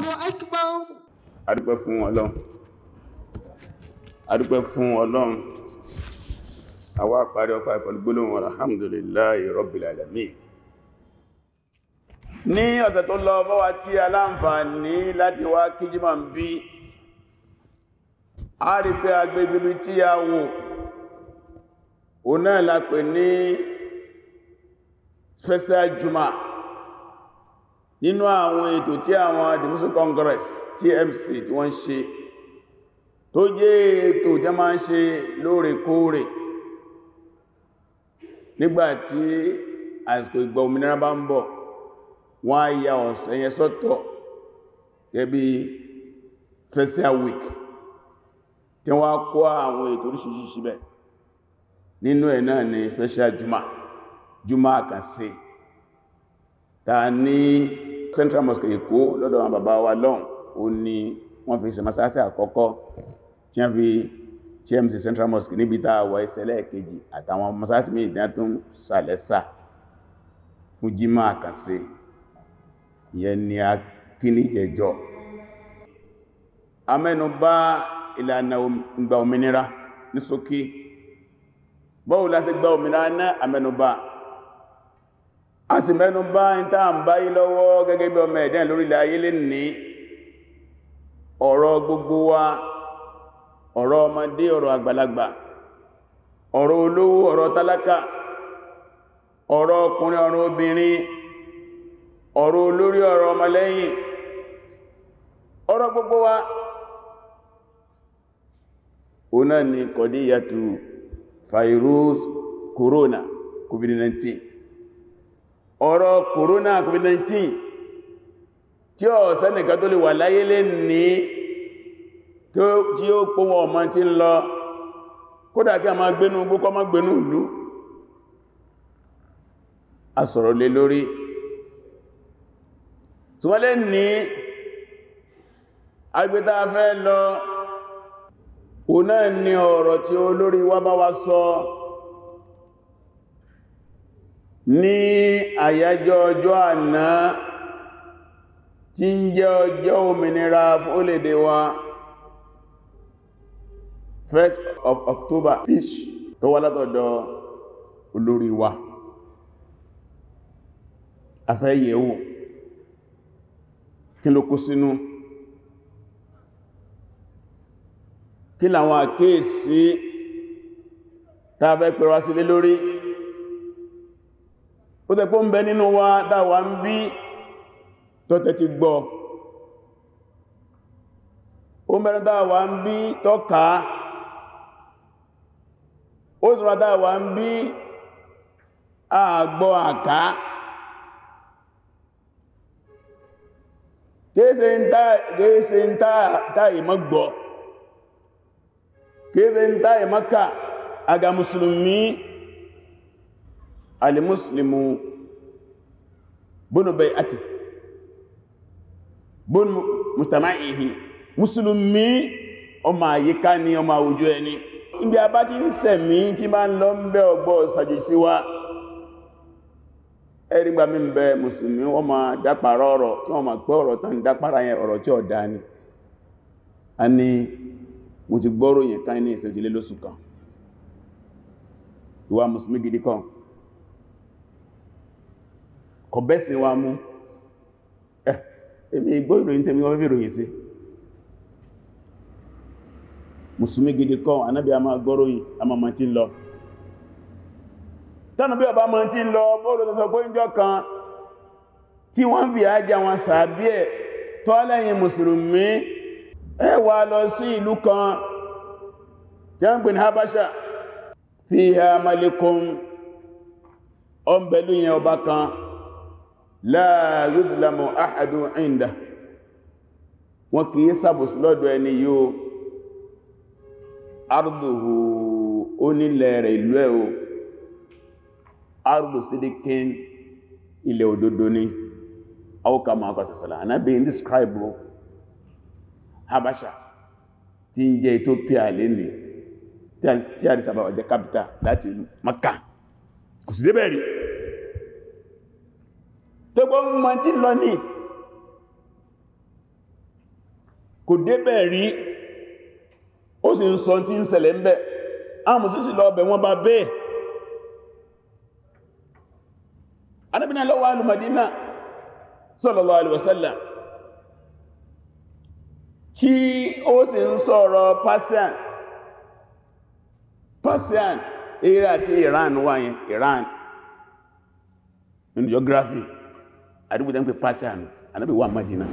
Allahu akbar. adúpẹ́ fún ọlọ́run adúpẹ́ fún ọlọ́run àwa àparí ọpá ìpọ̀lú gbólóhùn alhamdulillahi rabbil alamin ní ọ̀sẹ̀ tó lọ bọ́wà tí aláǹfààní láti wá kíjímọ̀ ń bí a rí pé agbègbèbí tí a wò o náà lápẹ̀ ní special juma' nínú àwọn ètò tí àwọn the Muslim Congress TMC tí wọ́n ṣe tó jẹ́ ètò tí a máa ń ṣe lóòrèkóòrè nígbàtí àsìkò ìgbà òmìnira bá ń bọ̀ wọ́n á ọ̀sẹ̀ yẹn sọ́tọ̀ gẹ́bí festival week tí wọ́n á kó àwọn ètò oríṣìíṣìí bẹ̀ nínú ẹ̀ náà ni special juma juma kan sí ta ní central mosque èkó lọ́dọ̀ àwọn bàbá wa lọ́n ó ní wọ́n fi ṣe masáàsì àkọ́kọ́ tí wọ́n fi chmc central mosque níbi tá a wà ìṣẹ̀lẹ̀ kejì àtàwọn masáàsì míì dán tó ń sàlẹ́sà fún jímọ̀ àkànṣe ìyẹn ni a kí ní jẹjọ́ amẹ́nubá ìlànà ìgbà òmìnira ní gba òmìnira náà amẹ́nubá a sì mẹ́nu bá ń tàà ń báyí lọ́wọ́ gẹ́gẹ́ bí ọmọ ẹ̀dẹ́ lórílẹ̀ ayé lè ní ọ̀rọ̀ gbogbo wa ọ̀rọ̀ ọmọdé ọ̀rọ̀ àgbàlagbà ọ̀rọ̀ olówó ọ̀rọ̀ tálákà ọ̀rọ̀ ọkùnrin ọ̀rọ̀ obìnrin ọ̀rọ̀ olórí ọ̀rọ̀ ọmọlẹ́yìn ọ̀rọ̀ gbogbo wa ọ̀nà ni kọ̀díyàtù virus corona covid-19 ọ̀rọ̀ corona covid-19 tí ó sẹ́nìkan tó lè wà láyé lè ní tí ó pọ̀ wọn ọmọ tí ń lọ kódà kí a máa gbénú gbókọ́ máa gbénú ìlú a sọ̀rọ̀ lórí tí ní agbẹ́ta fẹ́ lọ òun náà ni ọ̀rọ̀ tí ó lórí wá sọ so, ní àyájọ́ ọjọ́ àná tí ń jẹ́ ọjọ́ òmìnira fólèdè wa 1st of October fish tó wá látọ̀dọ̀ olórí wa afẹ́yẹ̀wò kí ló kó sínú kí làwọn àkíyèsí tàbẹ́ pẹ̀rọ sílé lórí ó tẹ́ pọ́ ń bẹ nínú wa dáwà ń bí tọ́tẹ̀ ti gbọ́ ó mẹ́rin dáwà ń bí tọ́ka ó sọ́rọ̀ dáwà ń bí àgbọ́ àká kéèsè ń táàyè mọ́ gbọ́ kéèsè ń táàyè mọ́ ká aga mùsùlùmí alimuslimu bunu bai ati bụ mutama'ihi musulumi ọmọ àyíká ni ọmọ àwùjọ ẹni ibi a bá ti nse sẹ̀mí tí ma n lọ ń bẹ́ ọgbọ́ wa erigba mi bẹ musulmi wọ́n ma dápàrọ ọrọ tí wọ́n ma pẹ́ ọ̀rọ̀ tán dápàrà yẹn ọ̀rọ̀ tí ni a mo ti gbọ́rò kọ̀bẹ́sìn wa mú ẹ̀ èmi ìgbó ìròyìn tẹ́mi wọ́n fẹ́ ìròyìn sí mùsùlùmí gidi kọ́ anábí a máa gbọ́ròyìn a máa máa ti lọ tánà bí ọba máa ti lọ bóòlù sọ pé ìjọ kan tí wọ́n fi ajá wọn sàbí ẹ̀ tó lẹ́yìn mùsùlùmí ẹ wà lọ sí ìlú kan jẹ́ ń pè habasha fi ha malikun ọmọbẹ̀lú yẹn ọba kan la yudlamu ahadun inda wọn kì í sàbòsí lọ́dọ̀ ẹni yóò arduhu onílẹ̀ rẹ̀ ìlú ẹ̀ o ardu sidikin ilẹ̀ òdodo ni awuka ma kọ sàsàlá anábi indescribe habasha tí ń jẹ́ ethiopia lẹ́ni tí a rí sábà wà jẹ́ láti Makkah kò sí débẹ̀ rí gbogbo mọ̀ tí lọ ní kò débẹ̀ rí ó sì ń sọ tí ń ṣẹlẹ̀ ń bẹ̀ áàmùsí lọ ọbẹ̀ wọn bá bẹ́ẹ̀ anábìnà lọ́wọ́ alùmọ̀dínà sallallahu alaihi tí ó sì ń sọ̀rọ̀ Persian Persian àti Iran Iran in àdúgbò tẹ́ ń pè Persia nù ànábì wà Madina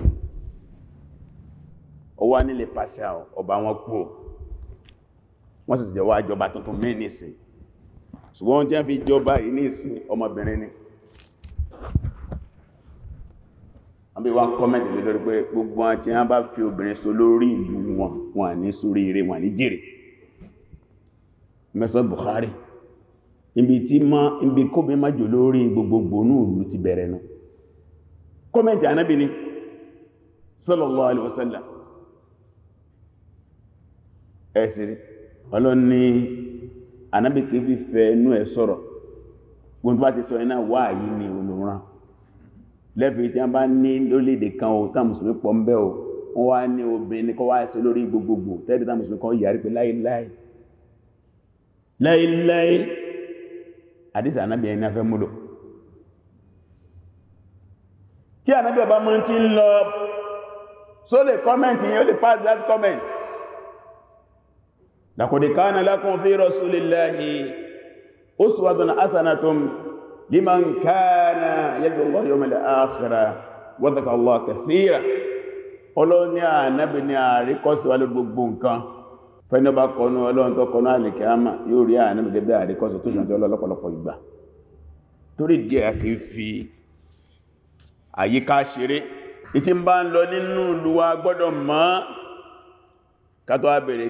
ó wá nílé Persia ọba wọn kú o wọ́n sì ti jẹ́wọ́ àjọba tuntun mí nìsìn ṣùgbọ́n jẹ́ fi jọba yìí nìsìn ọmọbìnrin ni àbí wọ́n kọ́mẹ̀tì lé lórí pé gbogbo wọn tí wọ́n bá fi obìnrin so lórí ìlú wọn wọn ní sórí ire wọn ní jèrè mẹ́sàn Bukhari ibi tí ma ibi kóbi má jò lórí gbogbogbò ní ìlú ti bẹ̀rẹ̀ náà kọ́mẹ̀ntì ànábì ni sallallahu alaihi wasallam ẹ̀sìrí ọlọ́n ni ànábì kì í fi fẹ́ inú ẹ̀ sọ̀rọ̀ gbogbo bá ti sọ iná wà yìí ni olùran lẹ́fẹ̀ẹ́ tí a bá ní lórílẹ̀-èdè kan o tá mùsùlùmí pọ̀ ń bẹ́ o wọ́n wá ní obìnrin kọ́ wá sí lórí gbogbogbò tẹ́ẹ̀dì tí ànábì ọba mú tí ń lọ só lè kọ́mẹ̀ntì yẹn ó lè pass that comment laqad kana lakum fi rasulillahi uswatun hasanatun liman kana yarju Allaha wal yawmal akhir wa dhakara Allaha kathira ọlọ́run ní ànábì ní àríkọ́síwá lórí gbogbo nǹkan fẹ́ni ọba kọnu ọlọ́run tó kọnu àlìkíámà yóò rí ànábì gẹ́gẹ́ àríkọ́sí tó ṣàtọ́ ọlọ́pọ̀lọpọ̀ ìgbà torí díẹ̀ kìí fi àyíká ṣeré ìtí ń bá ń lọ nínú ìlú gbọ́dọ̀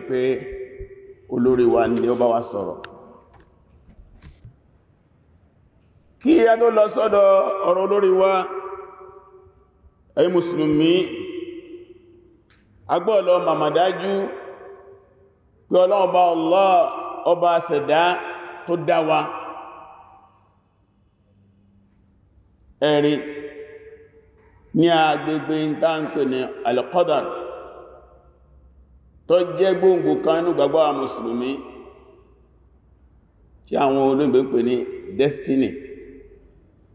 pé wa ni ó bá wa sọ̀rọ̀ kí a tó lọ sọ́dọ̀ ọ̀rọ̀ olórí wa ẹ̀yin mùsùlùmí agbọ́ọ̀lọ́ màmàdájú pé ọlọ́run bá tó wa ní agbègbè ìtàǹpè ní alqadar tó jẹ́ gbòǹgbò kan inú gbàgbọ́ àwọn mùsùlùmí tí àwọn olóògbé pè ní destiny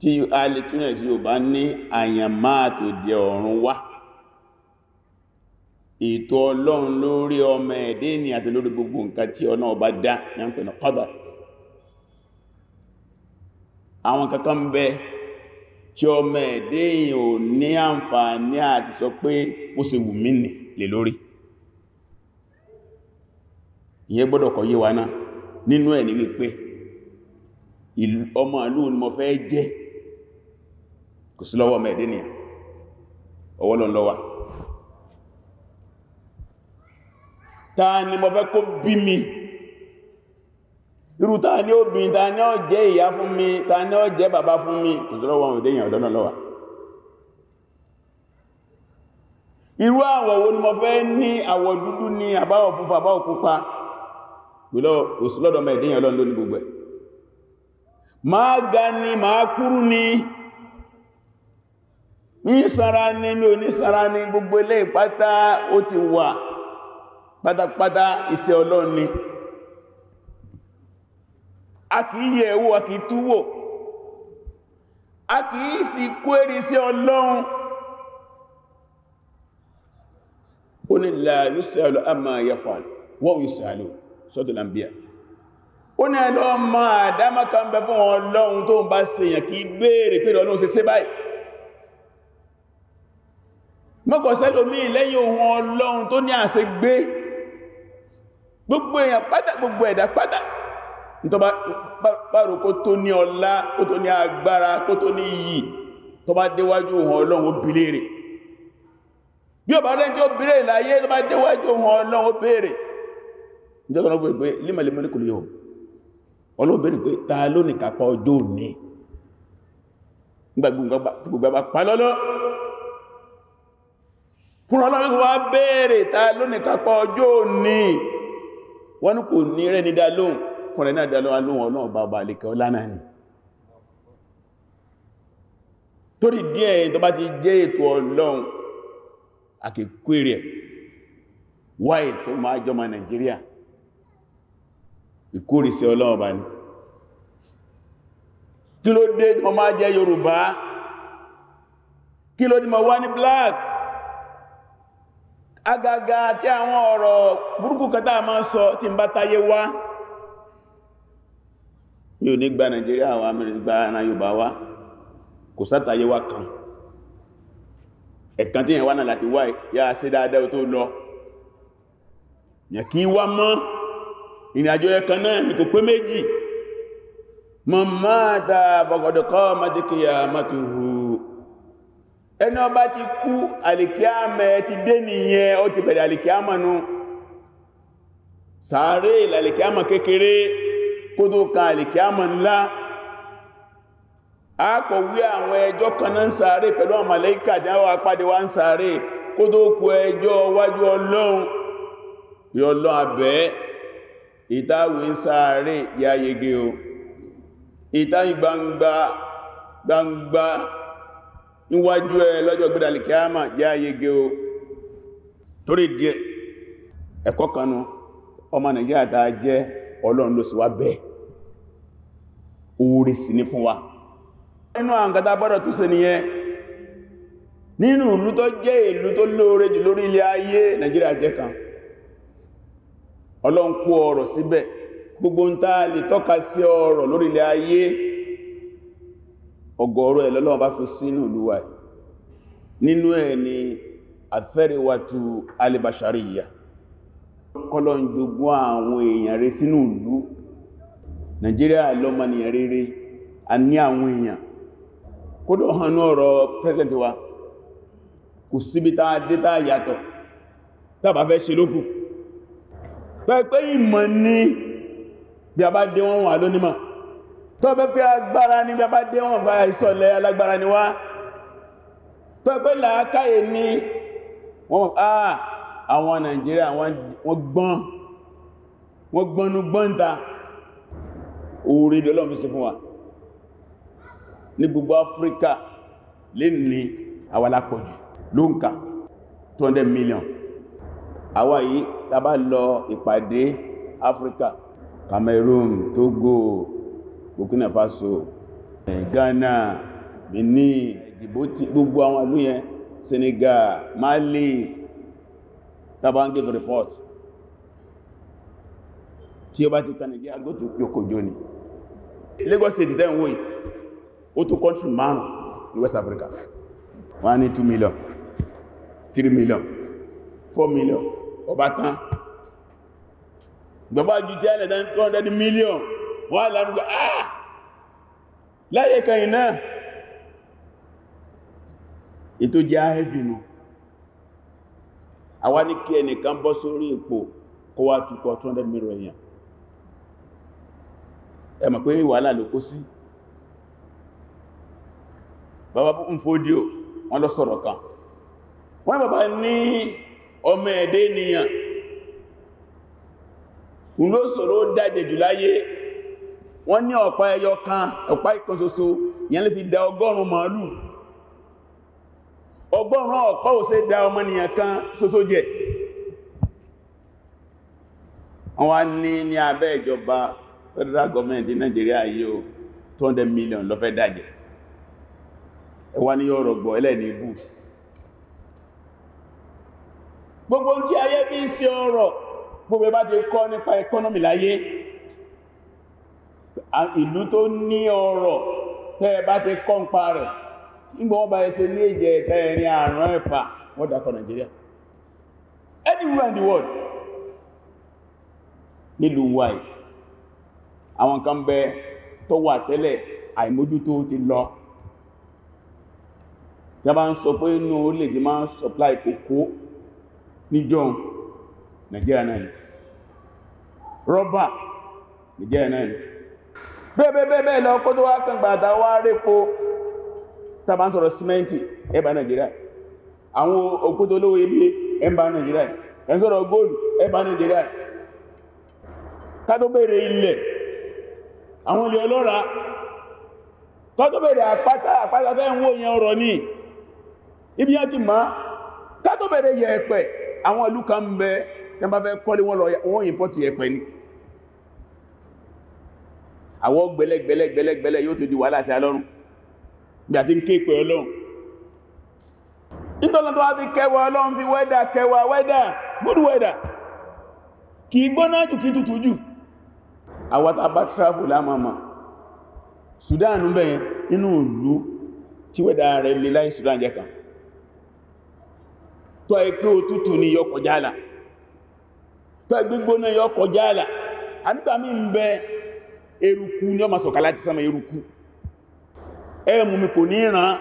tí a lè túnrẹ̀ sí yóò bá ní àyàmáà tó jẹ ọ̀run wá ètò ọlọ́run lórí ọmọ ẹ̀dẹ́ ni àti lórí gbogbo nǹkan tí ọ̀nà ọba dá ní àwọn kankan bẹ́ẹ̀ tí ọmọ ẹ̀dẹ́ èyàn ò ní àǹfààní àti sọ pé ó ṣe wù mí nì lè lórí ìyẹn gbọ́dọ̀ kọ yé wa náà nínú ẹ̀ ní wípé ọmọ ìlú ni mo fẹ́ jẹ́ kò sí lọ́wọ́ ọmọ ẹ̀dẹ́ nìyàn ọwọ́ lọ lọ́wà ta ni mo fẹ́ kó bí mi irú ta ní obìnrin ta ní ó jẹ́ ìyá fún mi ta ní ó jẹ́ bàbá fún mi kò tó lọ́wọ́ òdé èèyàn ọ̀dọ́nà lọ́wà irú àwọ̀ wo ni mo fẹ́ ní àwọ̀ dúdú ní àbáwọ̀ pupa àbáwọ̀ pupa gbìlọ́ òsìlọ́dọ̀ mẹ́ ìdíyàn ní gbogbo ẹ̀ máa ga ni máa kúrú ni ní sára ni mi ò ní sára ni gbogbo ilé ìpátá ó ti wà pátápátá iṣẹ́ ọlọ́run a kìí yẹ ẹwọ́ a kìí túwò a kìí sì kó èrè sí ọlọ́run ó ní la yusalu amma yafal wọ́n yusalu sọ́tọ̀ lambia ó ní ẹlọ́ ma dáma kan bẹ fún ọlọ́run tó ń bá sèyàn kìí béèrè pé ọlọ́run ṣe ṣe báyìí mọ́kànsẹ́lómí lẹ́yìn ohun ọlọ́run tó ní àṣẹ gbé gbogbo èèyàn pátá gbogbo ẹ̀dá pátá tó bá rò kó tó ní ọlá kó tó ní agbára kó tó ní iyì tó bá déwájú ohun ọlọ́run ó bilé rẹ̀ bí ọba rẹ̀ tí ó bilé ìláyé tó bá déwájú ohun ọlọ́run ó béèrè ìjọ́gbọ́n ọgbọ̀n pé límọ̀lẹ́mọ́ ní kò lè yọ ọlọ́bẹ̀rẹ̀ pé ta ló ní kápá ọjọ́ òní gbogbo àbá pa lọ́lọ́ fún ọlọ́run kò ní rẹ̀ ní dá lóhùn ọkùnrin náà dẹ̀lọ́wà lóhun ọlọ́run bàbá àlèkẹ́ ni torí díẹ̀ tó bá ti jẹ́ ètò ọlọ́run àkèkwèrè wá ma máa jọmọ Nàìjíríà ìkórìsí bá ní kí ló dé tó máa jẹ́ Yorùbá kí ló dí máa wá ní black agaga tí àwọn ọ̀rọ̀ burúkú máa sọ ń bá mi ò ní gba Nàìjíríà wa mi gba ara Yorùbá wa kò sátàyé wa kan ẹ̀kan tí yẹn wá náà láti wá yá sí dáadáa tó lọ yẹn kí wá mọ́ ìrìnàjò ẹ̀kan náà ní kò pé méjì mọ́ máa dá bọ̀gọ̀dọ̀kọ́ mọ́tíkìyà mọ́tíhù ẹni ọba kékeré kó tó ka àlìkẹ́ àmà ńlá akọ̀wé àwọn ẹjọ́ kan náà ń sáré pẹ̀lú àmàlẹ́kà tí wọ́n apáde wá ń sáré kó tó kú ẹjọ́ wájú gbangba gbangba ẹ̀kọ́ ọlọ́run ló sì wá bẹ́ẹ̀ oore sì ní fún wa nínú àǹkàtà bọ́dọ̀ tó ṣe nìyẹn nínú ìlú tó jẹ́ ìlú tó lóore jù lórí ilẹ̀ ayé Nàìjíríà jẹ́ kan ọlọ́run kó ọrọ̀ síbẹ̀ gbogbo ń táa lè tọ́ka sí ọrọ̀ lórí ilẹ̀ ayé ọgọ́rọ̀ ẹ̀ lọ́lọ́run bá fi sínú ìlú wa nínú ẹ̀ ni àfẹ́rẹ̀wàtú alìbàṣàríyà kọ́lọ̀ ń gbogbo àwọn èèyàn rẹ̀ sínú ìlú Nàìjíríà lọ́mọnìyàn rere a ní àwọn èèyàn kódò hànú ọ̀rọ̀ president wa kò síbi tá dátà yàtọ̀ tàbà fẹ́ ṣe lókù pẹ́pẹ́ ìmọ̀ ní bí a bá dé wọn wà lónímọ̀ tọ́pẹ́ pé agbára ní bí a bá dé wọn bá ìsọ̀lẹ̀ alágbára ni wá tọ́pẹ́ làákàyè ní wọ́n ah àwọn Nàìjíríà wọ́n gbọ́n wọ́n gbọ́nú gbọ́nta orí lọ́lọ́run fi ṣe fún wa ní gbogbo Áfíríkà lè ní àwa ló ń kà 200 million àwa yìí tá bá lọ ìpàdé Áfíríkà Cameroon Togo Burkina Faso Ghana Benin Djibouti gbogbo àwọn ìlú Senegal Mali tàbá ń give report tí ó bá ti kàn nìgbé agbótò yókòjó ni Lagos State then ń wòye tó country man, ní West Africa wọ́n ní 2 million 3 million 4 million ọba tán gbọ́bá ju jẹ́ ẹ̀lẹ̀ tán 200 million wọ́n lárúgbà ah láyé kan iná ètò jẹ́ ahẹ́bìnú àwa ní kí ẹnìkan bọ́ sórí ipò kó wá tukọ̀ 200 million èèyàn ẹ mọ̀ pé wàhálà ló kó sí bàbá ń fódíò wọ́n lọ sọ̀rọ̀ kan wọ́n bàbá ní ọmọ ẹ̀dẹ́ ènìyàn kùn ló sọ̀rọ̀ dájẹ̀ jù láyé wọ́n ní ọ̀pá ẹyọ kan ọ̀pá ìkan ṣoṣo ìyẹn lè fi dá ọgọ́rùn-ún màálù ọgọ́rùn ọ̀pá ò ṣe dá ọmọnìyàn kan ṣoṣo jẹ wọ́n ní ní abẹ́ ìjọba federal government ní Nigeria yíò 200 million lọ fẹ́ dájẹ̀ ẹwà ní yọ́rọ̀ gbọ́ ẹlẹ́ni ibú gbogbo tí ayé bí i sí ọrọ̀ gbogbo bá ti kọ́ nípa economy láyé ìlú tó ní ọrọ̀ tẹ́ bá ti kọ́ ń pa ìgbà wọ́n bá ẹsẹ̀ ní èjẹ ẹ̀ta ẹ̀rin àrán ẹ̀fà wọ́n dákọ̀ Nigeria anywhere in the world nílùú wáyé àwọn kan bẹ tó wà tẹ́lẹ̀ àìmójútó ti lọ yàbá ń sọ pé inú orílẹ̀-èdè máa ń supply kòkó níjọ́ Nigeria náà rọ́bà Nigeria náà bẹ́ẹ̀bẹ́ẹ̀bẹ́ẹ̀ lọ kó tó wá kàn gbàdá wá répo tàbá ń sọ̀rọ̀ símẹ́ǹtì ẹbà Nàìjíríà àwọn òkúta olówó ibi ẹbà Nàìjíríà ẹ̀ ń sọ̀rọ̀ góòlù ẹbà Nàìjíríà kátó-bèèrè ilẹ̀ àwọn ilẹ̀ ọlọ́ra kátó-bèèrè àpáta àpáta tẹ́ ń wó yẹn ọrọ̀ ní ibi yẹn ti ma kátó-bèèrè yẹ̀ẹ̀pẹ̀ àwọn ìlú kan bẹ tẹ́ bá fẹ́ kọ́lé wọn lọ wọ́n ìpọ́tì yẹ̀ẹ̀pẹ̀ ni àwọn gbẹ̀lẹ̀gbẹ̀lẹ̀gbẹ̀lẹ̀ yóò tó di wàhálà sí alọ́run gbàtí ń ké pẹ̀ ọlọ́run nítorí tó wá fi kẹwà ọlọ́run fi wẹ́dà kẹwà wẹ́dà good weather kì í gbóná jù kì í tutù jù àwọ́ta bá travel lámàmà Sudan bẹ̀ inú ìlú tí wẹ́dà rẹ̀ lè láì Sudan jẹ́ kan tó ẹgbẹ́ òtútù ní yọ kọjá àlà tó ẹgbẹ́ gbóná yọ kọjá àlà ànígbàmí ń bẹ eruku ní ọmọ sọ̀kalá ti sáma eruku ẹ̀mù mi kò ní ìran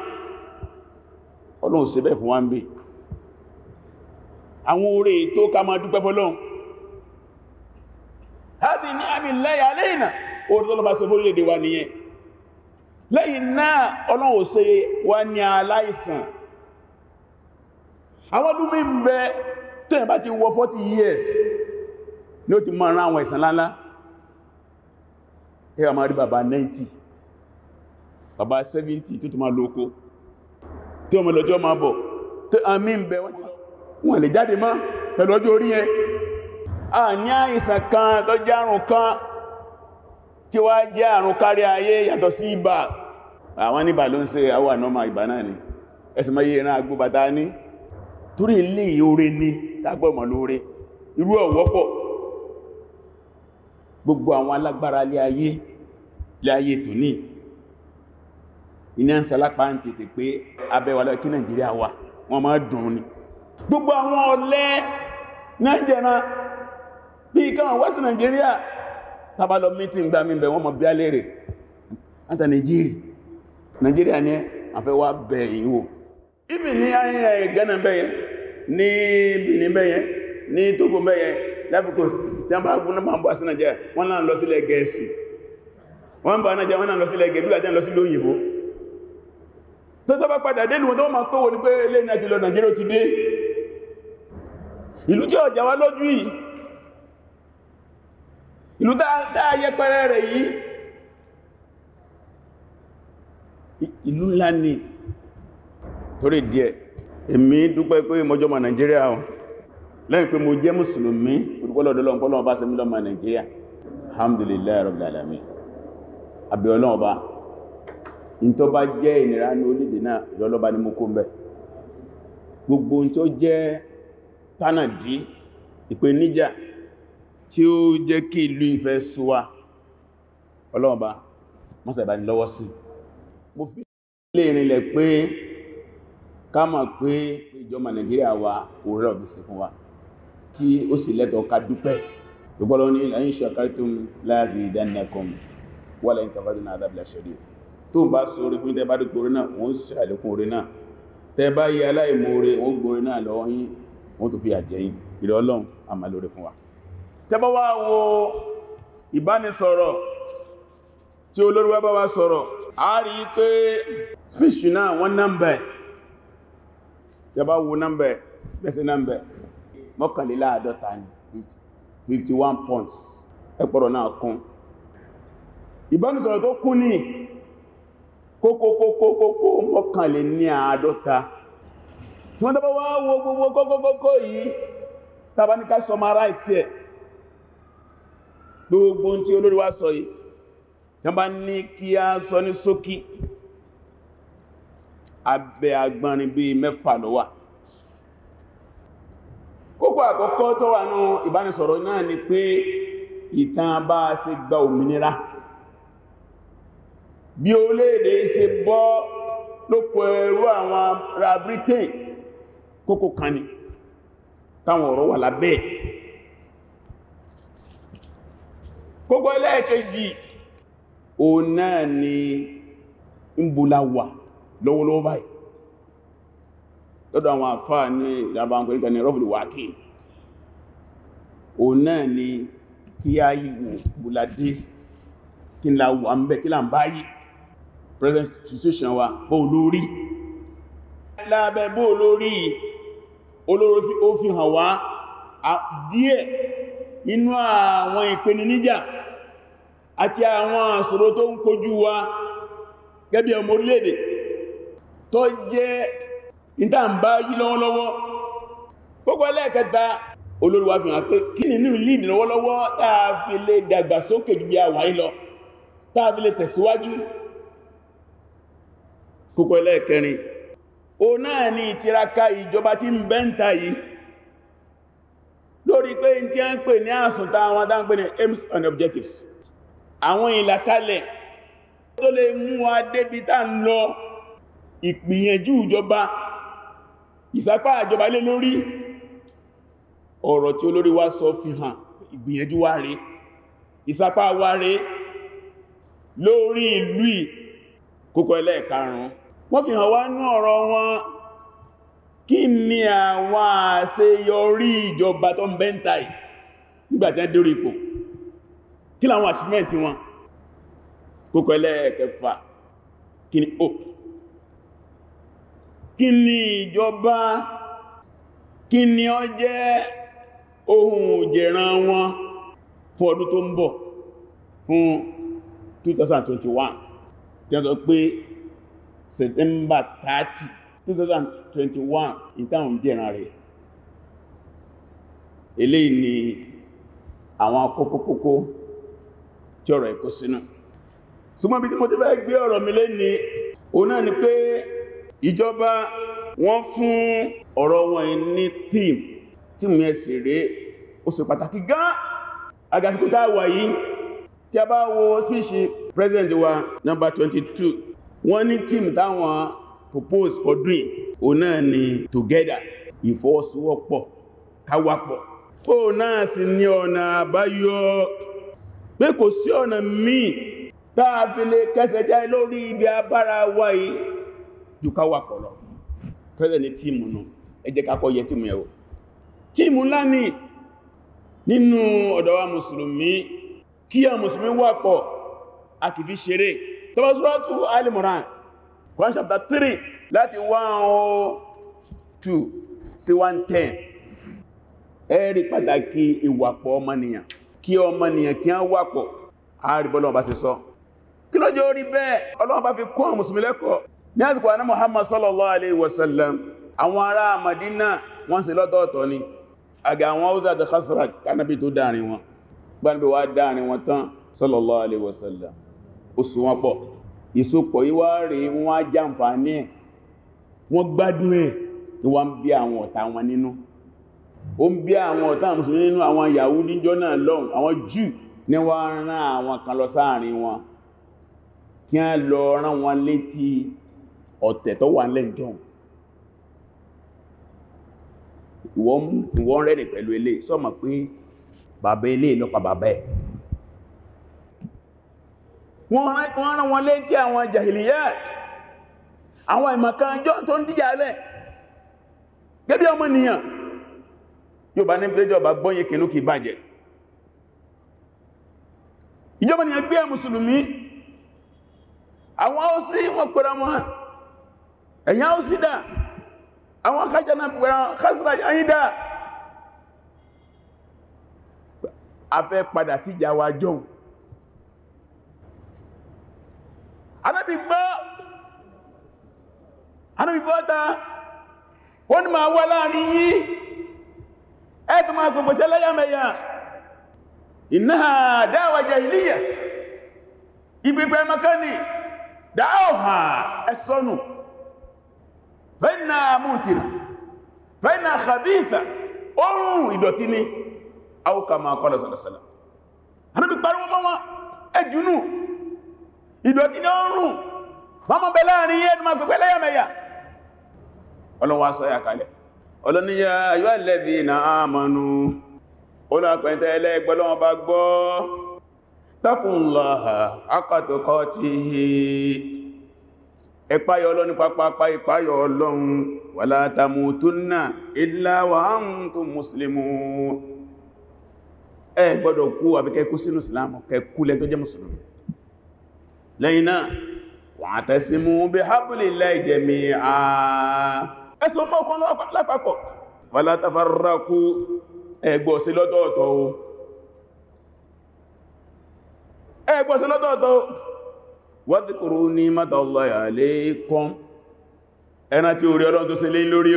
ọlọ́run ṣe bẹ́ẹ̀ fún wa ń bí àwọn oore tó ká máa dúpẹ́ fọ́lọ́run hábí ní àmì lẹ́yà lẹ́yìnà oore tó lọ́bá ṣe fórílẹ̀-èdè wa nìyẹn lẹ́yìn náà ọlọ́run ṣe wá ní aláìsàn àwọn ọdún mi ń bẹ tẹ́yìn bá ti wọ 40 years ni ó ti mọ́ ran àwọn ìsàn bàbá 90 bàbá 70 tó tó máa lóko tí ọmọ lọ́jọ́ máa bọ̀ tó àmì ń bẹ wọ́n lè jáde mọ́ pẹ̀lú ọjọ́ orí yẹn a ní àìsàn kan tó jẹ́ àrùn kan tí wá jẹ́ àrùn kárí ayé yàtọ̀ sí ibà àwọn níbà ló ń ṣe àwà normal ibà náà ni ẹsìn mọ́ yìí ìran agbóbata ní torí ilé ìhóre ní tagbọ́mọ̀ lóore irú ọ̀wọ́pọ̀ gbogbo àwọn alágbára lé ayé lé ayé tòní iná ń salápá ń tètè pé abẹ́wàlọ́ kí nàìjíríà wà wọ́n máa dùn ni gbogbo àwọn ọ̀lẹ nàìjẹ̀ran bí i káwọn wá sí nàìjíríà tàbá lọ mítìn gbá mi bẹ̀ wọ́n mọ̀ bí alẹ́rẹ̀ àtà nàìjírí nàìjíríà ní àfẹ́ wá bẹ̀ ìwò ìbì ní ayẹyẹ Ghana bẹ́yẹ ní Benin bẹ́yẹ ní Togo bẹ́yẹ láfíkò tí wọ́n bá gún náà bá sí nàìjíríà wọ́n náà lọ sílẹ̀ gẹ̀ẹ́sì wọ́n bá lọ sílẹ̀ gẹ̀ẹ́bí tó tó bá padà dé lùwọ́n tó ma pé wọ́n ni pé ilé nàìjíríà nàìjíríà ti dé ìlú tí ọjà wá lójú yìí ìlú dáa yẹpẹrẹ rẹ̀ yìí ìlú ńlá ni torí díẹ̀ èmi dúpẹ́ pé mọ́jọ́mọ̀ nàìjíríà ọ̀ lẹ́yìn pé mo jẹ́ mùsùlùmí olùkọ́lọ̀dọ́lọ́ ọ̀pọ̀lọ́wọ́ bá ṣe mílọ́mọ̀ nàìjíríà alhamdulillah rabbil alamin àbí Ọlọ́run bá in tó bá jẹ́ ìnira ní orílẹ̀-èdè náà ìrọlọ́ba ní mú kó ń bẹ̀ gbogbo ohun tó jẹ́ pánàdí ìpèníjà tí ó jẹ́ kí ìlú Ifẹ̀ súwa ọlọ́ọ̀bá mọ́sàbá ní lọ́wọ́ sí mo fi lè rìnlẹ̀ pé ká mọ̀ pé ìjọba Nàìjíríà wa òwúrọ̀ bí sí fún wa tí ó sì lẹ́tọ̀ọ́ ká dúpẹ́ tó gbọ́lọ́ ní la in shakartum la azidannakum wa la in kafartum adhabun shadid tó ń bá sóre fún tẹ́ bá dé gbóre náà wọ́n sì àlékún orí náà tẹ́ bá yẹ aláìmoore wọ́n gbóre náà lọ́wọ́ yín wọ́n tó fi àjẹyìn ìrẹ́ ọlọ́run àmà lórí fún wa tẹ́ bá wá wo ìbánisọ̀rọ̀ tí olórí wa bá wá sọ̀rọ̀ a rí i pé speech ìbánisọ̀rọ̀ tó kún ní kókókókókókó mọ́kànlẹ̀ ní àádọ́ta tí wọ́n tọ́bọ̀ wá wo gbogbo kókókókó yìí tàbá ní ká sọmara ẹ̀ gbogbo tí olórí sọ yìí tàbá ní kí a sọ ní ṣókí abẹ́ agbọ́nrin bí mẹ́fà kókó àkọ́kọ́ bí orílẹ̀-èdè ṣe bọ́ lóko ẹrú àwọn ará Britain kókò kan ni táwọn ọ̀rọ̀ wà lábẹ́ ẹ̀ kókó ẹlẹ́ẹ̀kejì o náà ni ń búlá wà lọ́wọ́lọ́wọ́ báyìí lọ́dọ̀ àwọn àfáà ní ìjàmbá ń pẹ̀lú ní rọ́bùlù wákì o náà ni kí á yíwò búlá dé la wà ń bẹ́ kí là ń báyìí present situation wa bó olórí lábẹ́ bó olórí olórí ó fi hàn wá díẹ̀ nínú àwọn ìpèníjà àti àwọn àṣòro tó ń kojú wa gẹ́bí ọmọ orílẹ̀-èdè tó jẹ́ ìtàǹbá yí lọ́wọ́lọ́wọ́ gbogbo ẹlẹ́ẹ̀kẹta olórí wa fi hàn pé kí nínú ilé ìlọ́wọ́lọ́wọ́ tá fi lè dàgbàsókè ju bí a lọ tá fi lè tẹ̀síwájú kókó ẹlẹ́ẹ̀kẹrin o náà ni ìtiraka ìjọba tí ń bẹ́ǹta yìí lórí pé tí a ń pè ní àsùntà àwọn adáǹpẹ́ ní aims and objectives àwọn ìlàkalẹ̀ tó lè mú wa débi tá ń lọ ìpìyànjú ìjọba ìsapá ìjọba lé lórí ọ̀rọ̀ tí olórí wa sọ fi hàn ìgbìyànjú wa rẹ̀ ìsapá wa rẹ̀ lórí ìlú kókó ẹlẹ́ẹ̀karùn-ún wọ́n fi hàn wá ní ọ̀rọ̀ wọn kí ni àwọn àṣeyọrí ìjọba tó ń bẹ́ntà ì nígbàtí ẹ dórí ipò kí láwọn àṣìmẹ́ntì wọn kókò ẹlẹ́ẹ̀kẹfà kí ni hope kí ni ìjọba kí ni ó jẹ́ ohun òjẹ̀ran wọn fún ọdún tó ń bọ̀ fún 2021 tí wọ́n pé september thirty two thousand twenty one ìtàwọn jẹ́ran rẹ̀ eléyìí ni àwọn kókókókó tí ọ̀rọ̀ ẹ̀kọ́ sínú ṣùgbọ́n bí tí mo ti fẹ́ gbé ọ̀rọ̀ mi lé ní òun náà ni pé ìjọba wọ́n fún ọ̀rọ̀ wọn ní team tí mú ẹsẹ̀ rẹ̀ ó ṣe pàtàkì gan agasiko wà yìí tí a bá wo speech president wa number 22 wọ́n ní team táwọn propose for doing o náà ni together ìfọwọ́sowọ́pọ̀ káwapọ̀ ó náà sì ní ọ̀nà àbáyọ pé kò sí ọ̀nà míì táa fi lè kẹsẹ̀ já lórí ibi abára wa yìí jù káwapọ̀ lọ kẹ́lẹ̀ ní tíìmù náà ẹ jẹ́ ká kọ́ yẹ tíìmù yẹ̀wò tíìmù ńlá ní nínú ọ̀dọ̀wà mùsùlùmí kí a mùsùlùmí wà pọ̀ a kìí fi ṣeré tó bá suratu Al-Imran Quran chapter 3 láti 102 sí 110 ẹ̀rí pàtàkì ìwàpọ̀ ọmọnìyàn kí ọmọnìyàn kí án wàpọ̀ àríbọ́lọ́wọ́ bá ti sọ kí ló jẹ́ orí bẹ́ẹ̀ Ọlọ́run bá da Khazraj kánábì tó dáàrin wọn gbáǹbẹ̀ wá dáàrin wọn tán sallallahu alaihi wasallam oṣù wọn pọ̀ ìsopọ̀ ìwá rẹ̀ wọ́n á jàǹfààní ẹ̀ wọ́n gbádùn ẹ̀ ìwà ń bí àwọn ọ̀tá wọn nínú ó ń bí àwọn ọ̀tá mùsùlùmí nínú àwọn Yahudi níjọ́ náà lọ́hùn àwọn jù ní wọ́n rán àwọn kan lọ sáàrin wọn kí á lọ rán wọn létí ọ̀tẹ̀ tó wà lẹ́jọ́ ìwọ́n rẹ̀ pẹ̀lú ilé sọ́mọ̀ wọ́n rán wọn létí àwọn jahiliyat àwọn ìmọ̀kanjọ́ tó ń díjálẹ̀ gẹ́bí ọmọ nìyàn yóò bá ní pẹ́jọba gbọ́nyẹ kèlókè bàjẹ́ ìjọba nìyàn gbé mùsùlùmí àwọn Haúsí wọn pẹ̀rọ wọn ẹ̀yà Haúsí dà àwọn kájánà pẹ̀rọ kásìlá yáyídà afẹ́ padà sí ìjà wa anábì gbọ́ anábì gbọ́ tán wọ́n ni máa wá láàrin yí ẹ́tù máa gbogbo sí ẹlẹ́yàmẹ̀yà iná dáwà jahiliya ibìgbẹ̀ makani dáwà ẹ̀sọ́nù fẹ́nà múntìnà fẹ́nà khabitha oòrùn ìdọ̀tí ni aw kama qala sallallahu alaihi wasallam anábì ìdọ̀tí ní ó ń rùn mọ́mọ́ bẹ láàrin yẹ́ ẹnu ma pẹ̀pẹ̀ lẹ́yàmẹ̀yà ọlọ́wà sọ yà kalẹ̀ ọlọ́niyà yóò lẹ́bí na àmọ́nu olàpẹ̀ntẹ́ ẹlẹ́gbọ́lọ́wọ́ bá gbọ́ takunláha akàtọ̀kọ́ ti hì ẹ gbọ́dọ̀ kú àbíkẹ́kú sínú ìsìlámù kẹ́kú lẹ́gbẹ́jẹ́ mùsùlùmí lẹ́yìn náà wọ́n tasimu bihablillahi jami'a ẹsùn mọ́kún lápapọ̀ wala tafarraqu ẹgbọ́ sí lọ́tọ̀ọ̀tọ̀ o ẹgbọ́ sí lọ́tọ̀ọ̀tọ̀ wadhkuru ni'matallahi alaykum ẹran tí orí ọlọ́run tó sí lé lórí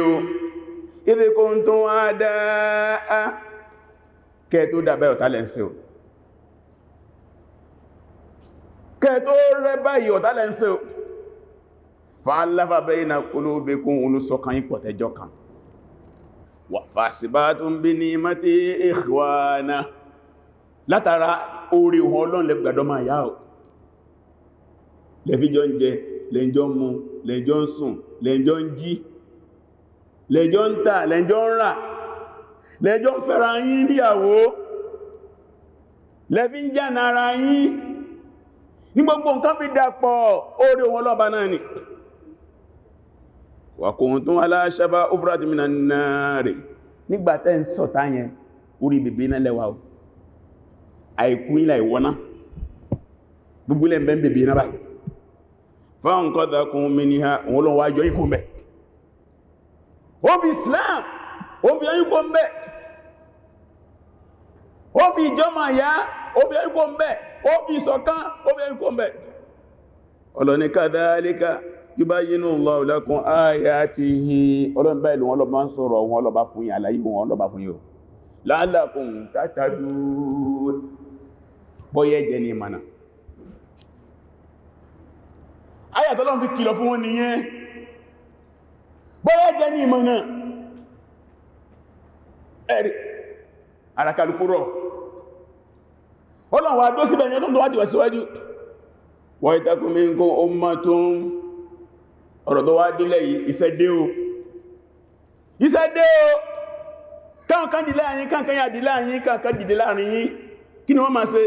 sí o kẹ tó rẹ báyìí ọ̀tá lẹ́nsẹ̀ o fàálàfà bẹ́yìn na qulubikum olùsọkàn ipò tẹjọ kan wà fasibatun bi ni'mati ikhwana látara orí ohun ọlọ́n lẹ gbàdọ́ máa yá o lẹ́fíjọ ń jẹ lẹ́jọ ń mu lẹ́jọ ń sùn ń fẹ́ra yín níyàwó lẹ́fí ń jà nára yín ní gbogbo nǹkan fi dàpọ̀ orí wọn lọ́ba náà ni wa kuntum ala shaba ufrati minan nari nígbàtẹ́ ń sọ̀tá yẹn orí bèbè náà lẹ́wà o àìkú ilẹ̀ ìwọ́ná gbogbo ilẹ̀ bẹ́ẹ̀ bèbè náà báyìí fanqadhakum minha òun lọ́wọ́ ajọ́ ikú mẹ́ ó fi Islam ó fi ọyún kó mẹ́ ó fi ìjọmọ̀ ìyá ó fi ẹ̀kọ́ mẹ́ ó fi ìṣọ̀kan ó fi ẹ̀kọ́ mẹ́ ọlọ́ni kadhalika yubayyinu Allahu lakum ayatihi ọlọ́n bá ìlú wọn lọ bá ń sọ̀rọ̀ wọn lọ bá fún yín àlàyé wọn lọ bá fún yín la'allakum tahtadun bọ́yẹ́ jẹ́ ní ìmọ̀nà ayàtọ́lọ́n fi kìlọ̀ fún wọn nìyẹn bọ́yẹ́ jẹ́ ní ìmọ̀nà ẹ̀rí àràkàlùkúrọ̀ ọlọ́run wa dó síbẹ̀ yẹn tó tó wájú wá síwájú wa takun minkum ummatun ọ̀rọ̀ tó wá dílẹ̀ iṣẹ́ dé o iṣẹ́ dé o kankan dìlẹ̀ àyín kankan yà dìlẹ̀ àyín kankan dìde láàrin yín kí ni wọ́n máa ṣe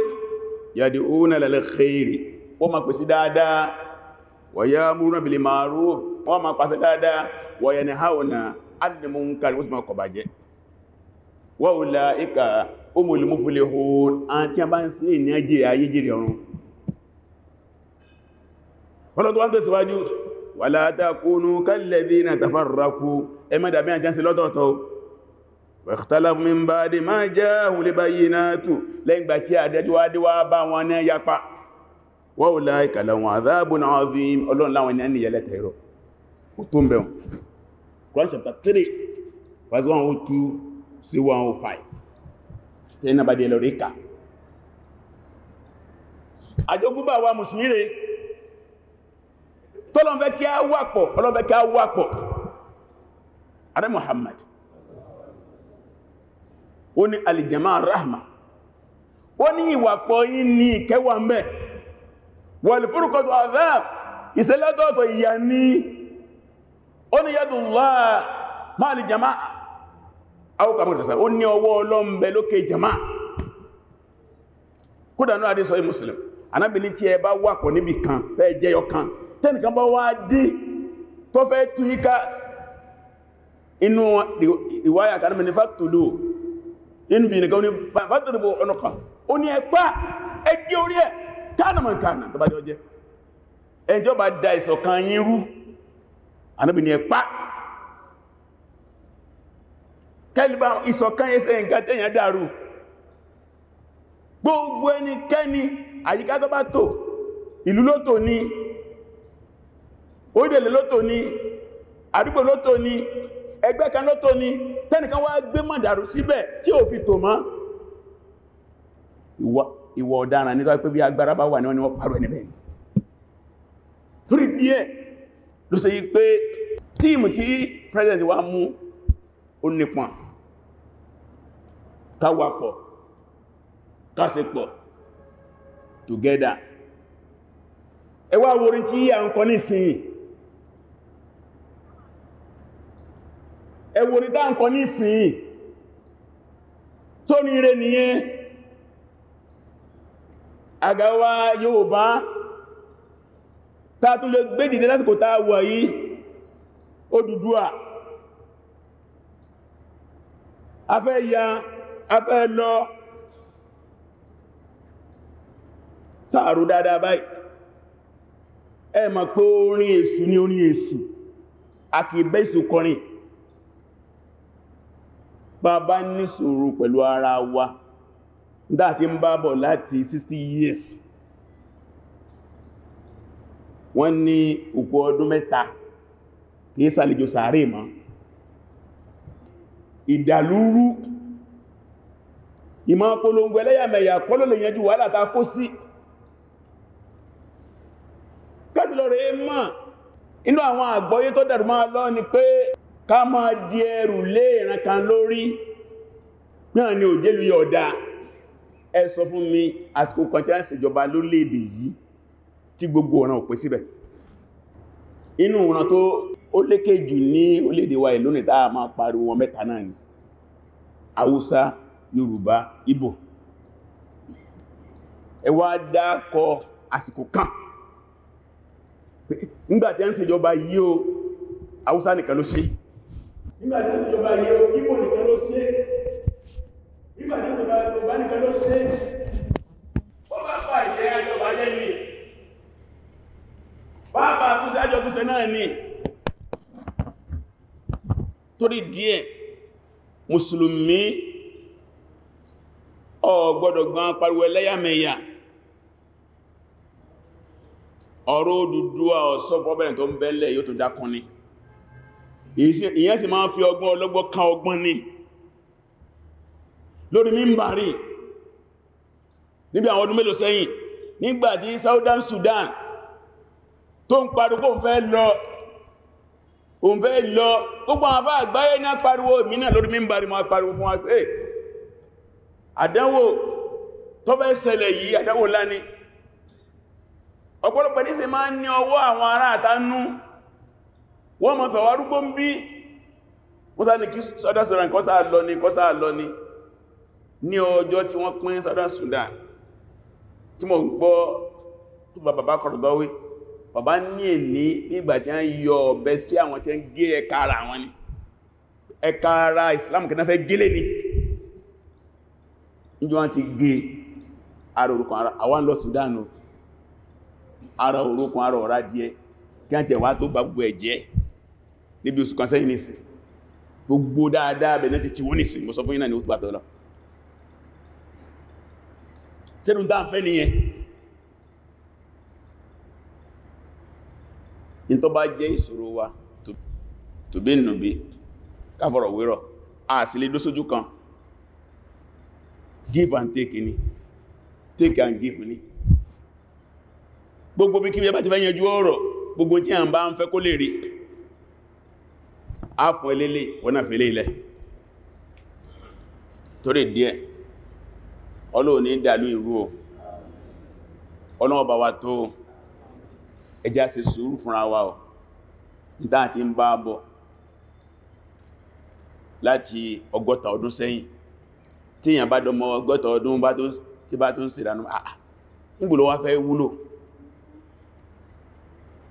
wa ulaika humul muflihun àti àbá ń sí ní ajé ayéjìrì ọ̀run ọlọ́tọ́ wọ́n tẹ̀síwájú wala takunu kalladhina tafarraqu ẹmẹ́dàbí àjánsí lọ́tọ̀ọ̀tọ̀ wẹ̀kítàlàfù min ba'di ma ja'ahum al-bayyinatu lẹ́yìngbà tí àdẹ́júwádé wá bá wọn ní yapa wa ulaika lahum adhabun adhim ọlọ́run láwọn ní ẹni yẹlẹ́ta ẹ̀rọ ó tó ń sí 105 tẹ́yìn náà bá díẹ̀ lọ rí kà àjogúnbà wa mùsùlùmí rẹ̀ tọ́lọ́nfẹ́ kí a wàpọ̀ ọlọ́fẹ́ kí a wàpọ̀ ààrẹ Muhammad ó ní alìjẹ̀má rahma ó ní ìwàpọ̀ yí ní ìkẹwàá mẹ́ wọ̀lùfúrùkọ́tù azab ìṣẹ́lẹ́tọ̀ọ̀tọ̀ ìyà ní ó ní yadullah máa alìjẹ̀máà àwọ́kàmọ̀tẹ̀sà ó ní ọwọ́ ọlọ́m̀bẹ̀ jama kódànú àdísọ muslim anábìlì tí ẹ bá wà pọ̀ níbi kan fẹ́ jẹyọ kan tẹ́nìkan bá wá dí tó fẹ́ túyíká inú ìwáyà kanáà ní fàtòlò inú bí nìkan ní fàtòlò ọ̀nà kan ó ní ẹgbá ẹgbẹ́ orí ẹ̀ kánàmọ̀kánà tó bá jẹ́ ẹjọ́ bá da ìṣọ̀kan yín rú anábìlì ẹgbá tẹ́lìbà ìṣọ̀kan ẹsẹ̀ nǹkan tí èyàn dàrú gbogbo ẹnikẹ́ni àyíká tó bá tò ìlú lótò ní orílẹ̀-èdè lótò ní àdúgbò lótò ní ẹgbẹ́ kan lótò ní tẹ́nìkan wá gbé mọ̀ dàrú síbẹ̀ tí ò fi tò mọ́ ìwọ ọ̀daràn ní tọ́wọ́ pé bí agbára bá wà ní wọ́n parọ́ ẹni bẹ́ẹ̀ torí president wa mú káwapọ̀ kásepọ̀ together ẹ wá worin tí a ń kọ nísìnyí ẹ worin tá ń kọ nísìnyí tó ní ire nìyẹn àgáwá Yorùbá ta tún lè gbé dìde lásìkò tá a wà yìí Odùduwà a fẹ́ ya abẹ́ lọ tààrù dáadáa báyìí ẹ ma pé orin èṣù ni orin èṣù a kìí bẹ́ èṣù kọrin bàbá ní sùúrù pẹ̀lú ara wa dáàtí ń bábọ̀ láti 60 years wọ́n ní òkú ọdún mẹ́ta kìí sàlejò sàárè mọ́ ìdàlúrú ìmọ̀ polongo ẹlẹ́yàmẹ̀yà kọ́ ló lè yanjú wàhálà ta kó sí kásì rẹ̀ mọ̀ inú àwọn àgbọ́yé tó dẹ̀rù máa lọ ni pé ká máa di ẹrù lé ìran kan lórí náà ni òjèlú yọ̀dá ẹ sọ fún mi àsìkò kan tí a ń ṣèjọba lórílẹ̀-èdè yìí tí gbogbo ọ̀ràn òpin síbẹ̀ inú ọ̀ràn tó ó lékè jù ní orílẹ̀-èdè wa ìlónìí tá a máa pariwo mẹ́ta náà ni Haúsá Yorùbá Ìgbò ẹ wá dákọ àsìkò kan nígbàtí ẹ ń ṣèjọba yìí o Haúsá nìkan ló ṣe nígbàtí ẹ ń ṣèjọba yìí o Ìgbò nìkan ló ṣe nígbàtí ẹ ń ṣèjọba Yorùbá nìkan ló ṣe wọ́n bá pàjẹ́ ẹjọba lẹ́yìn bàbá torí díẹ̀ mùsùlùmí ọ gbọ́dọ̀ gan pariwo ẹlẹ́yàmẹ̀yà ọ̀rọ̀ Odùduwà ọ̀sọ́ pọ́bẹ̀rẹ̀ tó ń bẹ́lẹ̀ yóò tó jákún ni ìyẹn sì máa ń fi ọgbọ́n ọlọ́gbọ́ kan ọgbọ́n ni lórí mímbàrí níbi àwọn ọdún mélòó sẹ́yìn nígbàtí Southern Sudan tó ń pariwo ń fẹ́ lọ òun fẹ́ lọ gbogbo àwọn àgbáyé náà pariwo mí náà lórí mímbàrí máa pariwo fún wa pé àdánwò tó bẹ́ ṣẹlẹ̀ yìí àdánwò láni ọ̀pọ̀lọpọ̀ ní ṣe máa ń ní ọwọ́ àwọn ará àtánú wọ́n mọ̀ fẹ̀wà rúgbó ń bí wọ́n sá ní kí Southern Sudan kọ́sá lọ ní kọ́sá lọ ní ní ọjọ́ tí wọ́n pín Southern Sudan tí mo gbọ́ tó bá bàbá Qaradawi bàbá ní èní nígbà tí wọ́n yọ ọ̀bẹ sí àwọn tí wọ́n gé ẹ̀ka ara wọn ni ẹ̀ka ara Islam kìí náà fẹ́ gílé ni níjọ wọ́n ti gé ara orúkún ara àwọn lọ sùdánù ara orúkún ara ọ̀rá díẹ̀ kí a ti ẹ̀wà tó bá gbogbo ẹ̀jẹ́ níbi oṣù kan sẹ́yìn nìsìn gbogbo dáadáa bẹ̀rẹ̀ ti tíwó nìsìn mo sọ fún ìnáni ó tó lọ a sì lè dó sójú give and take ni take and give ni gbogbo bí kí bí ẹ bá ti fẹ́ ọ̀rọ̀ gbogbo tí a ń bá ń fẹ́ kó lè rí a fún ẹlẹ́lẹ́ wọ́nà fẹ́lẹ́ ilẹ̀ torí díẹ̀ ọlọ́run ní dàlú ìrú o ọlọ́run wa tó ẹ jẹ́ sùúrù fúnra wa o níta àti ń bá bọ̀ láti ọgọ́ta ọdún sẹ́yìn tí èyàn bá dọmọ ọgọ́ta ọdún tí bá tó ń ṣèdánú àà níbo ló wá fẹ́ wúlò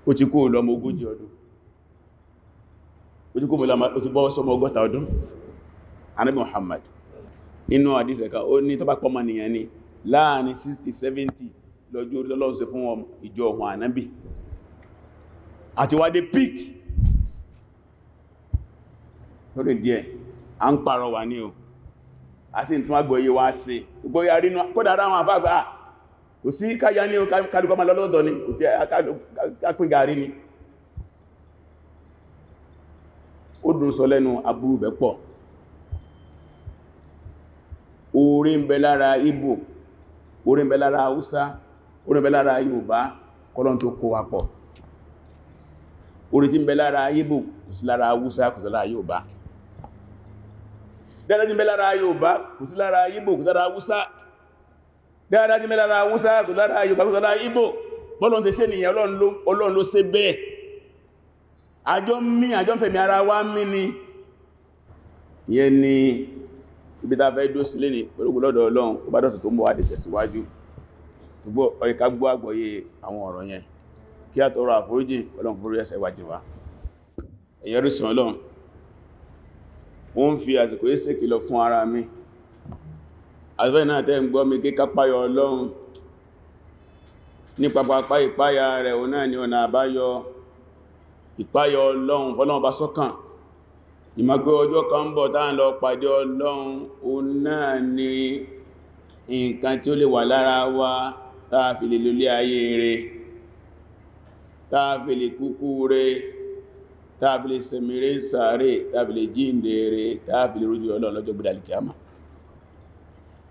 ó ti kó lọmọ ogójì ọdún ó ti kó bọ́ sọmọ ọgọ́ta ọdún anábì Muhammad nínú àdísẹ̀ká ó ní tọ́bá pọ́mọ nìyàn ni láàrin 60-70 lọ́jọ́ orí lọ́lọ́run ṣe fún ìjọ ọ̀hún ànábì àti wádé pík lórí díẹ̀ à ń parọ́ wà ní o a sì ń tún agbóyé wá sí gbóyà rínú kódà ara wọn àfáàgbà ah, kò sí káyà ní kálùkọ́ ma lọ́lọ́dọ̀ ni kò tí kápín gàrí ni ó dùn sọ lẹ́nu aburú bẹ́ pọ̀ orí ń bẹ lára Ìgbò orí ń bẹ lára Haúsá kò sí lára Haúsá kò sí lára Yorùbá dáadáa ti mẹ́ lára Yorùbá kò sí lára Ìgbò kò lára Haúsá dáadáa ti mẹ́ lára Haúsá kò lára Yorùbá kò lára Ìgbò bọ́lọ́n ṣe ṣe nìyàn Ọlọ́run ló ṣe bẹ́ẹ̀ àjọ mí àjọ ń fẹ̀mí ara wa mí ni ìyẹn ni ibi ta fẹ́ dó sílé ní ológun lọ́dọ̀ Ọlọ́run ó bá dọ̀sọ̀ tó mọ́ àdẹ̀ tẹ̀síwájú gbogbo ọ̀yíká gbọ́ àgbọ́yé àwọn ọ̀rọ̀ yẹn kí a tọrọ àforíjì Ọlọ́run fúrú ẹsẹ̀ wájìn wa ẹ̀yẹ́rìsìn Ọlọ́run ó ń fi àsìkò ìṣe kìlọ̀ fún ara mi àfẹ́ náà tẹ́ ń gbọ́ mi kí kápáyọ ọlọ́run ní pàpàpá ìpáyà rẹ̀ o náà ni ọ̀nà àbáyọ ìpáyọ ọlọ́run fọ́lọ́run bá sọ́kàn ìmọ̀ pé ọjọ́ kan ń bọ̀ táà lọ pàdé ọlọ́run o náà ni nǹkan tí ó lè wà lára wa táà fi lè lólé ayé rẹ̀ táà fi lè kúkú rẹ̀ tábìlì sẹmìrì sàárè tábìlì jíǹdèrè tábìlì rújú ọlọ́run lọ́jọ́ gbìdàlì kìámà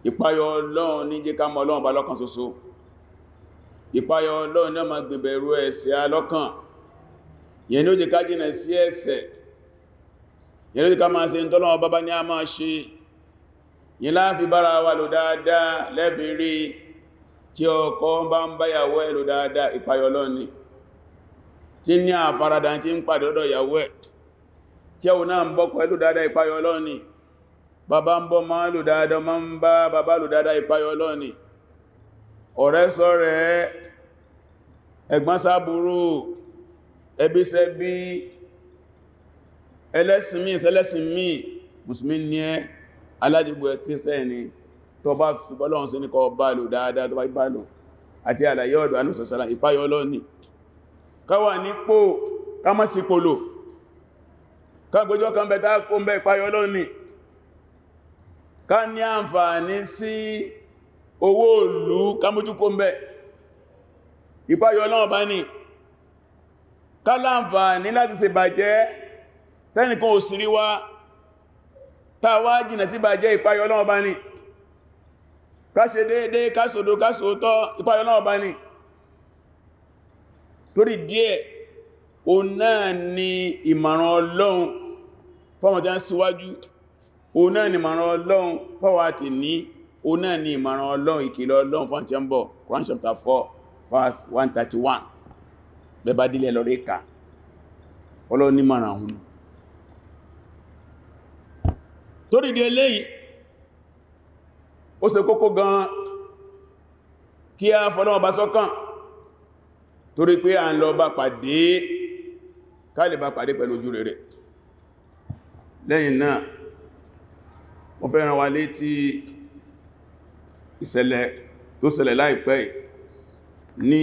ìpáyọ ọlọ́run ní jẹ́ ká mọ̀ ọlọ́run bá lọ́kàn ṣoṣo ìpáyọ ọlọ́run ní ọmọ gbìbẹ̀rù ẹ̀ṣẹ̀ alọ́kàn yẹn ni ó jẹ́ ká jìnà sí ẹ̀ṣẹ̀ yẹn ló jẹ́ ká máa ṣe ń tọ́lọ́run bàbá ní a máa ṣe yẹn láàfi bára wa lò dáadáa lẹ́bìnrin tí tí ní àfaradà tí ń pàdé ọ̀dọ̀ ìyàwó ẹ̀ tí ẹwù náà ń bọ́kọ̀ ẹlù dáadáa ìpayọ ọlọ́ni bàbá ń bọ́ máa lù dáadáa máa ń bá bàbá lù dáadáa ìpayọ ọlọ́ni ọ̀rẹ́ sọ́rẹ́ ẹ̀gbọ́n sáàbúrú ẹbí sẹ́bí ẹlẹ́sìnmí ẹlẹ́sìnmí káwà nípò kámọ́sípòlò kágbójọ́ kan bẹ̀ta kó ń bẹ ìpayọ lónìí ká ní àǹfààní sí owó òlú kámójúkó ń bẹ ìpayọ náà bá ní ká láǹfààní láti ṣe bàjẹ́ tẹ́nìkan ò sírí wá táwá jìnà sí bàjẹ́ ìpayọ náà bá ní ká ṣe déédéé ká sòdó ká sòótọ́ ìpayọ náà bá ní torí díẹ̀ o náà ni ìmọ̀ràn ọlọ́run fọ́wọ́n tán síwájú o náà ni ìmọ̀ràn ọlọ́run fọ́wọ́ àti ní o náà ni ìmọ̀ràn ọlọ́run ìkìlọ̀ ọlọ́run fọ́n tẹ́ ń bọ̀ Quran chapter 4 verse 131 bẹ́bá dílẹ̀ lọ rí ká ọlọ́run ní mọ̀ràn ọ̀hún torí díẹ̀ lẹ́yìn ó ṣe kí a fọ́lọ́wọ́ bá sọ́kàn so torí pé a ń lọ bá pàdé káàlì bá pàdé pẹ̀lú ojú rere lẹ́yìn náà wọ́n fẹ́ rán wa létí ìṣẹ̀lẹ̀ tó ṣẹlẹ̀ láìpẹ́ ní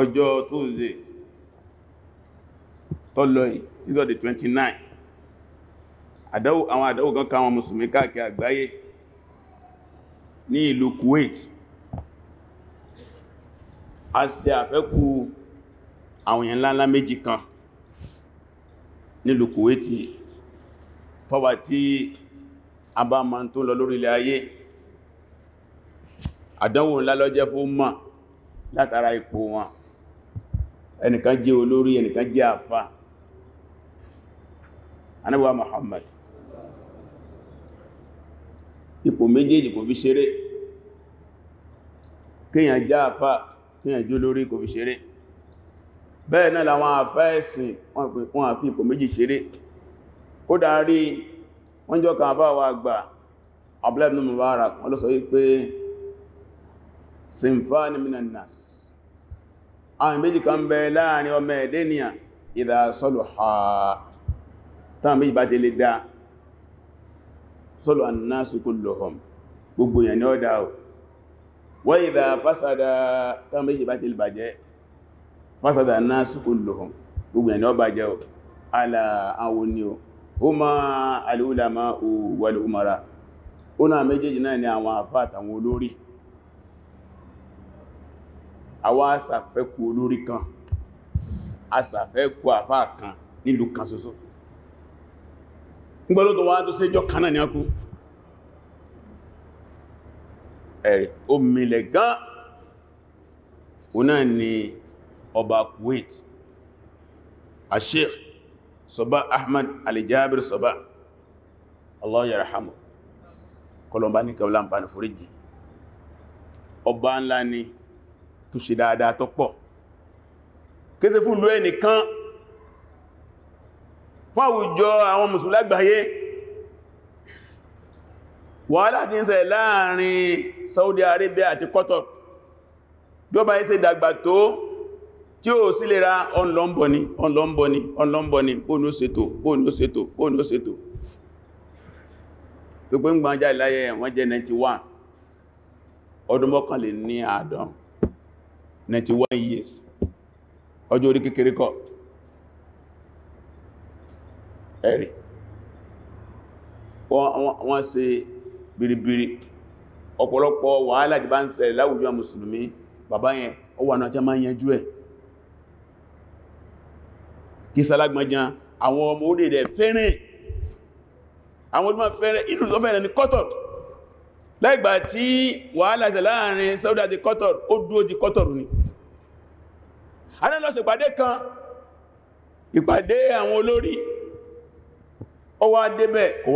ọjọ́ Tuesday tọ́lọ́yìn tíṣọ́ the 29 àwọn àdáwò kan káwọn mùsùlùmí káàkiri àgbáyé ní ìlú Kuwait a ṣe àfẹ́kù àwọn èèyàn ńláńlá méjì kan nílùú Kuwaiti fọ́wà tí a bá ma tó lọ lórí ilẹ̀ ayé àdánwò ńlá lọ́jẹ́ fún mọ̀ látara ipò wọn ẹnìkan jẹ́ olórí ẹnìkan jẹ́ àfà anábíwá Muhammad ipò méjèèjì kò fi ṣeré kíyàn àfà kí ẹjọ́ lórí kò fi ṣeré bẹ́ẹ̀ náà làwọn àfẹ́ẹ̀sìn wọn àfi ipò méjì ṣeré kó darí wọ́n jọ kan bá wa gbà abúlẹ́bìnú mubarak wọ́n ló sọ wípé sinfani minan nas àwọn méjì kan bẹ láàrin ọmọ ẹ̀dẹ́nìyàn ìdá sọ́lù ha táwọn méjì bá ti lè dá sọ́lù annasu kulluhum gbogbo yẹn ni ó dáa wa idha fásádà tán méjì bá ti lè bàjẹ́ fásádà nasu kulluhum gbogbo ẹni ó bàjẹ́ o ala àwọn ni o huma al-ulama wal umara ó náà méjèèjì náà ni àwọn àfá àtàwọn olórí àwọn asàfẹ́kù olórí kan asàfẹ́kù àfá kan nílùú kan ṣoṣo nígbàlódò wá tó séjọ́ kan ni a kú ẹ̀rẹ̀ omílẹ̀ gan ọ̀nà ni ọba Kuwait Sheikh Sabah Ahmad Al-Jabir Sabah Allah yarhamu kọlọmbá ní kẹwàá lámpàá foríjì ọba ńlá ni tó ṣe dáadáa tó pọ̀ kése fún ìlú ẹnìkan fáwùjọ àwọn mùsùlùmí lágbàáyé wàhálà tí ń ṣe láàrin Saudi Arabia àti Qatar bí ó bá ṣe dàgbà tó tí ó sì lè ra ọlọ́mbọ̀ni ọlọ́mbọ̀ni ọlọ́mbọ̀ni bóòlù ṣètò bóòlù ṣètò bóòlù ṣètò tó pé ń gbọ́n jáde láyé wọ́n jẹ́ 91 ọdún mọ́kànlé ní àádọ́n 91 years ọjọ́ orí kékeré kọ́ ẹ̀rì wọ́n se biribiri ọ̀pọ̀lọpọ̀ wàhálà jì bá ń ṣẹlẹ̀ láwùjọ mùsùlùmí bàbá yẹn ó wà náà tí a máa yanjú ẹ̀ kí sálágbọ́nján àwọn ọmọ orí rẹ̀ fẹ́rẹ̀ àwọn ọdún máa fẹ́rẹ̀ ìlú tó fẹ́rẹ̀ ní Qatar láìgbà tí wàhálà ṣẹlẹ̀ láàrin Saudi àti Qatar ni a náà lọ sí ìpàdé kan ìpàdé àwọn olórí ó wá débẹ̀ kò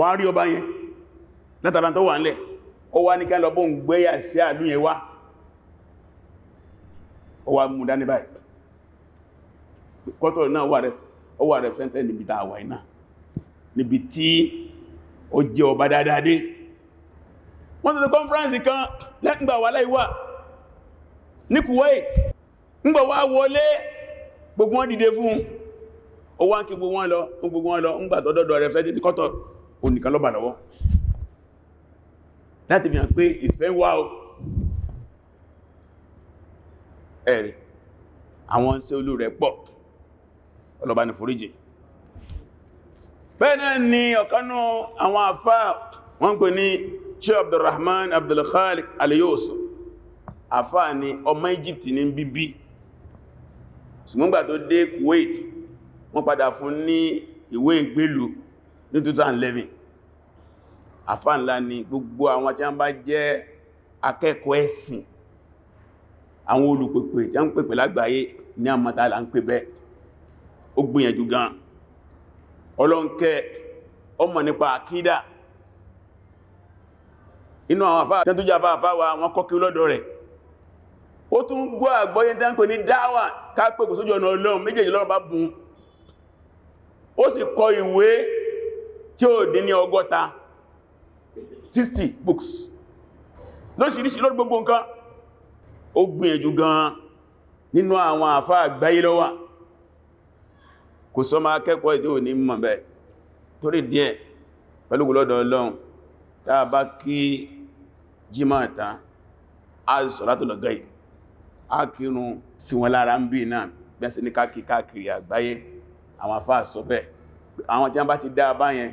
látara tó wà ń lẹ̀ ó wá ní ká lọ bó ń gbéyà sí àlú yẹn wá ó wá mú dání báyìí kọ́tọ̀ náà wà rẹ̀fẹ́ntẹ́ níbi tàà wà iná níbi tí ó jẹ́ ọba dáadáa dé wọ́n tó tó kọ́nfẹ́rẹ́nsì kan lẹ́gbà wà láìwà ní Kuwait ngbà wá wọlé gbogbo wọn dìde fún ó wá ń kí gbogbo wọn lọ gbogbo wọn lọ láti fi hàn pé ìfẹ́ wà ó ẹ̀rì àwọn ṣe olú rẹ̀ pọ̀ ọlọ́bá ní foríjì bẹ́ẹ̀ náà ni ọ̀kanú àwọn àfá wọ́n pè ní ṣe Abdulrahman Abdulkhaliq Al-Yusuf àfá ni ọmọ Egypt ní bíbí ṣùgbọ́ngbà tó dé Kuwait wọ́n padà fún ní ìwé ìgbélú ní 2011 àfá ńlá ni gbogbo àwọn tí a ń bá jẹ́ akẹ́kọ̀ọ́ ẹ̀sìn àwọn olùpèpè tí a ń pèpè lágbàáyé ní àmàtàlà ń pè bẹ́ ó gbìyànjú gan ọlọ́nkẹ́ ọmọ nípa àkídà inú àwọn àfá tẹ́ tó jẹ́ àfá àfá wa wọ́n kọ́ kí lọ́dọ̀ rẹ̀ ó tún gbọ́ àgbọ́yé tẹ́ ń pè ní dáwà ká pèpè sójú ọ̀nà ọlọ́run méjèèjì lọ́rọ̀ bá bùn ó sì kọ ìwé tí ó dín ní ọgọ́ta 60 books lóṣìíríṣìí lórí gbogbo nǹkan ó gbìyànjú gan nínú àwọn àfá àgbáyé lọ́wà kò sọ máa kẹ́kọ̀ọ́ ìdí òní mọ̀ bẹ́ torí díẹ̀ pẹ̀lú lọ́dọ̀ Ọlọ́run táa bá kí jímọ̀ta a sọ̀látùl ghaib a kírun sí wọn lára ń bí náà bẹ́ẹ̀ sí ní káàkiri àgbáyé àwọn àfá sọ bẹ́ẹ̀ àwọn tí wọ́n bá ti dáa báyẹn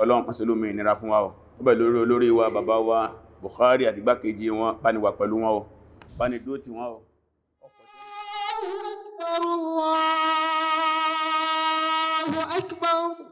ọlọ́run pàṣẹ ìnira fún wa o ó lórí olórí wa bàbá wa Buhari àti gbákejì wọn bá ní wà pẹ̀lú wọn o bá ní dúró tì wọn o. Allahu Akbar.